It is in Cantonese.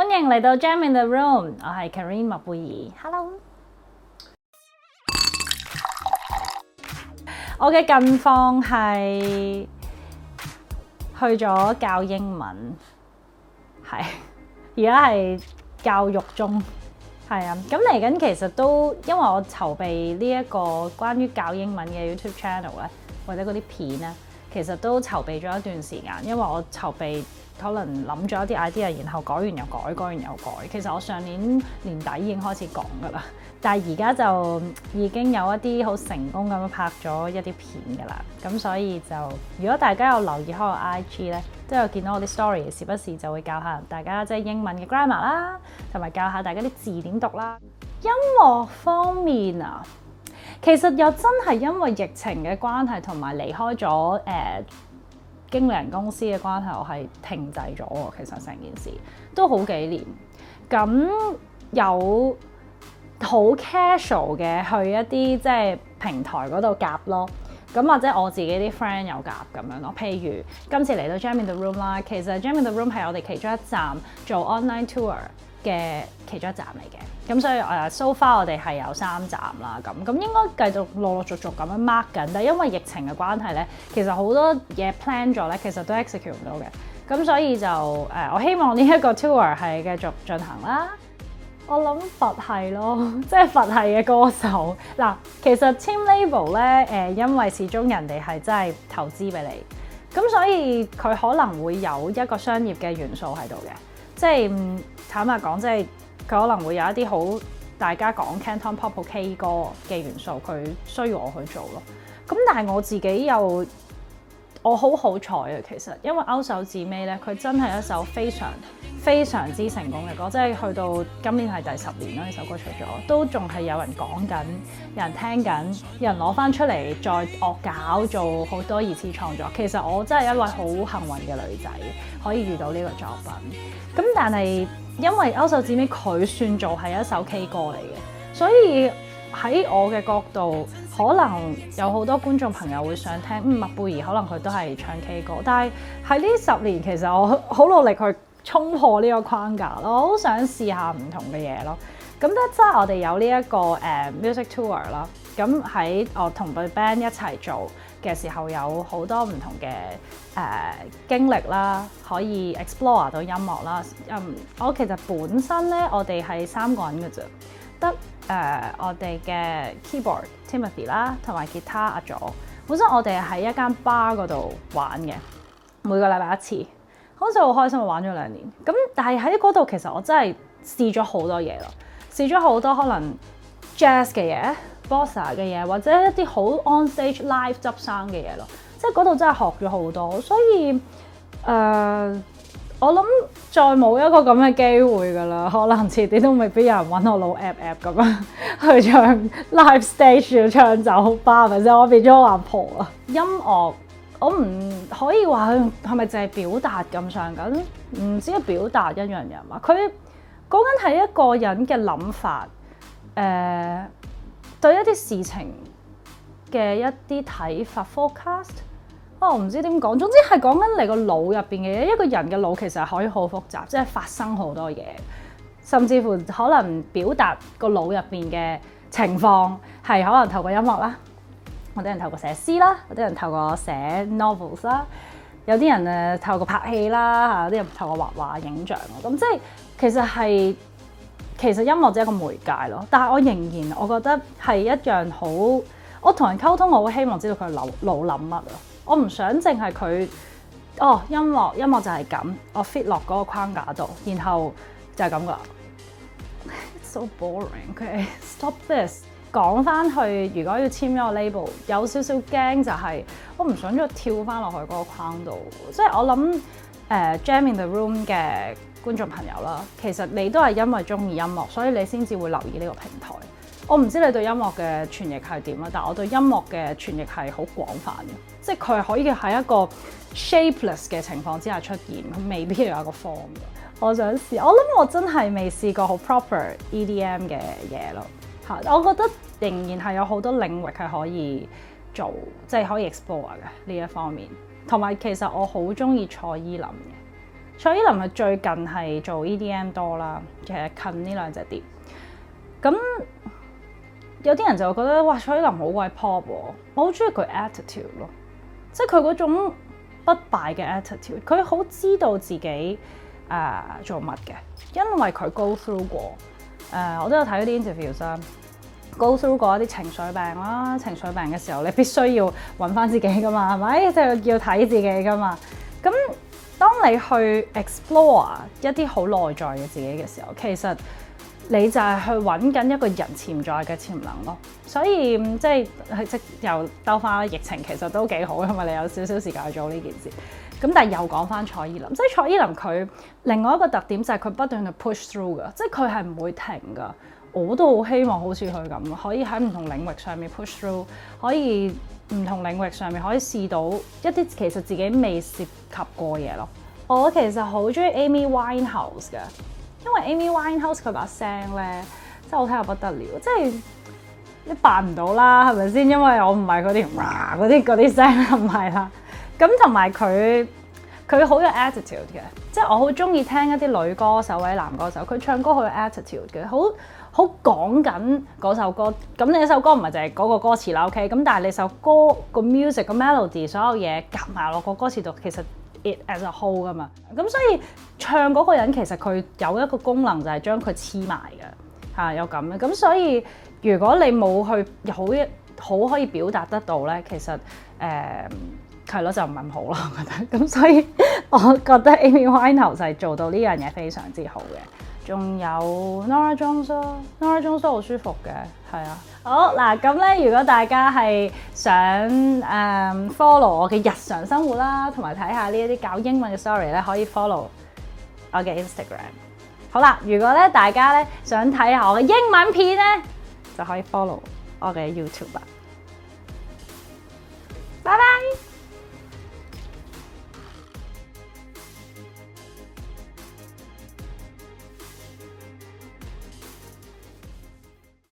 歡迎嚟到 Jam in the Room，我係 Karen 麥貝夷。Hello。我嘅近況係去咗教英文，係而家係教育中，係啊。咁嚟緊其實都因為我籌備呢一個關於教英文嘅 YouTube channel 咧，或者嗰啲片咧，其實都籌備咗一段時間，因為我籌備。可能諗咗一啲 idea，然後改完又改，改完又改。其實我上年年底已經開始講噶啦，但係而家就已經有一啲好成功咁樣拍咗一啲片噶啦。咁所以就，如果大家有留意開我 IG 咧，即係有見到我啲 story，時不時就會教下大家即係英文嘅 grammar 啦，同埋教下大家啲字點讀啦。音樂方面啊，其實又真係因為疫情嘅關係同埋離開咗誒。呃經理人公司嘅關係，我係停滯咗喎。其實成件事都好幾年，咁有好 casual 嘅去一啲即係平台嗰度夾咯。咁或者我自己啲 friend 有夾咁樣咯。譬如今次嚟到 Jam in the Room 啦，其實 Jam in the Room 係我哋其中一站做 online tour 嘅其中一站嚟嘅。咁所以誒，uh，so far 我哋係有三站啦。咁咁應該繼續陸陸續續咁樣 mark 緊。但係因為疫情嘅關係咧，其實好多嘢 plan 咗咧，其實都 execute 唔到嘅。咁所以就誒，uh，我希望呢一個 tour 係繼續進行啦。我諗佛系咯，即係佛系嘅歌手。嗱，其實 Team Label 咧，誒，因為始終人哋係真係投資俾你，咁所以佢可能會有一個商業嘅元素喺度嘅。即係坦白講，即係佢可能會有一啲好大家講 Canton Pop K 歌嘅元素，佢需要我去做咯。咁但係我自己又。我好好彩啊，其實，因為《勾手指尾》呢咧，佢真係一首非常非常之成功嘅歌，即係去到今年係第十年啦，呢首歌出咗，都仲係有人講緊，有人聽緊，有人攞翻出嚟再惡搞，做好多二次創作。其實我真係一位好幸運嘅女仔，可以遇到呢個作品。咁但係因為《勾手指尾》佢算做係一首 K 歌嚟嘅，所以。喺我嘅角度，可能有好多觀眾朋友會想聽，麥、嗯、貝夷可能佢都係唱 K 歌，但係喺呢十年其實我好努力去衝破呢個框架咯，我好想試下唔同嘅嘢咯。咁咧即係我哋有呢、這、一個誒、uh, music tour 啦。咁喺我同對 band 一齊做嘅時候，有好多唔同嘅誒、呃、經歷啦，可以 explore 到音樂啦。嗯，我其實本身咧，我哋係三個人嘅啫，得誒、呃、我哋嘅 keyboard Timothy 啦，同埋吉他阿祖。本身我哋喺一間 bar 嗰度玩嘅，每個禮拜一次，嗰陣時好開心，玩咗兩年。咁但係喺嗰度其實我真係試咗好多嘢咯，試咗好多可能 jazz 嘅嘢。boss 嘅嘢，或者一啲好 on stage live 執生嘅嘢咯，即係嗰度真係學咗好多，所以誒、呃，我諗再冇一個咁嘅機會噶啦，可能遲啲都未必有人揾我老 app app 咁樣，去唱 live stage 唱酒吧，咪即係我變咗阿婆啊！音樂我唔可以話佢係咪淨係表達咁上緊，唔知係表達一樣嘢嘛？佢講緊係一個人嘅諗法，誒、呃。對一啲事情嘅一啲睇法 forecast，我、哦、唔知點講，總之係講緊你個腦入邊嘅嘢。一個人嘅腦其實可以好複雜，即係發生好多嘢，甚至乎可能表達個腦入邊嘅情況係可能透過音樂啦，有啲人透過寫詩啦，有啲人透過寫 novels 啦，有啲人誒透過拍戲啦，嚇有啲人透過畫畫影像。咁即係其實係。其實音樂只係一個媒介咯，但係我仍然我覺得係一樣好，我同人溝通，我好希望知道佢腦腦諗乜咯。我唔想淨係佢，哦，音樂音樂就係咁，我 fit 落嗰個框架度，然後就係咁噶啦。So boring, okay? Stop this. 講翻去，如果要簽咗個 label，有少少驚就係我唔想再跳翻落去嗰個框度。即係我諗誒、uh, Jam in the Room 嘅。觀眾朋友啦，其實你都係因為中意音樂，所以你先至會留意呢個平台。我唔知你對音樂嘅傳譯係點啦，但係我對音樂嘅傳譯係好廣泛嘅，即係佢可以喺一個 shapeless 嘅情況之下出現，未必要有個 form。我想試，我諗我真係未試過好 proper EDM 嘅嘢咯。嚇，我覺得仍然係有好多領域係可以做，即係可以 explore 嘅呢一方面。同埋其實我好中意蔡依林嘅。蔡依林啊，最近係做 EDM 多啦，其實近呢兩隻碟。咁有啲人就會覺得哇，蔡依林好鬼 pop，我好中意佢 attitude 咯，即係佢嗰種不敗嘅 attitude，佢好知道自己啊、呃、做乜嘅，因為佢 go through 過，誒、呃、我都有睇啲 interview 啦，go through 過一啲情緒病啦，情緒病嘅時候你必須要揾翻自己噶嘛，係咪？即係要睇自己噶嘛，咁。當你去 explore 一啲好內在嘅自己嘅時候，其實你就係去揾緊一個人潛在嘅潛能咯。所以即係即又兜翻疫情，其實都幾好噶嘛。你有少少時間去做呢件事，咁但係又講翻蔡依林，即係蔡依林佢另外一個特點就係佢不斷去 push through 㗎，即係佢係唔會停噶。我都好希望好似佢咁，可以喺唔同領域上面 push through，可以。唔同領域上面可以試到一啲其實自己未涉及過嘢咯。我其實好中意 Amy Winehouse 嘅，因為 Amy Winehouse 佢把聲咧真係好聽到不得了，即係你扮唔到啦，係咪先？因為我唔係嗰啲哇嗰啲嗰啲聲，唔係啦。咁同埋佢佢好有 attitude 嘅，即係我好中意聽一啲女歌手或者男歌手，佢唱歌好有 attitude 嘅，好。好講緊嗰首歌，咁你一首歌唔係就係嗰個歌詞啦，OK？咁但係你首歌個 music、melody，所有嘢夾埋落個歌詞度，其實 it as a whole 噶嘛。咁所以唱嗰個人其實佢有一個功能就係將佢黐埋嘅嚇，有咁嘅。咁所以如果你冇去好一好可以表達得到咧，其實誒係咯，就唔係好咯，我覺得，咁所以我覺得 Amy Winehouse 就係做到呢樣嘢非常之好嘅。仲有 Jones, Nora Jones 咯，Nora Jones 都好舒服嘅，係啊。好嗱，咁咧如果大家係想誒 follow 我嘅日常生活啦，同埋睇下呢一啲搞英文嘅 story 咧，可以 follow 我嘅 Instagram。好啦，如果咧大家咧想睇下我嘅英文片咧，就可以 follow 我嘅 YouTube 啦。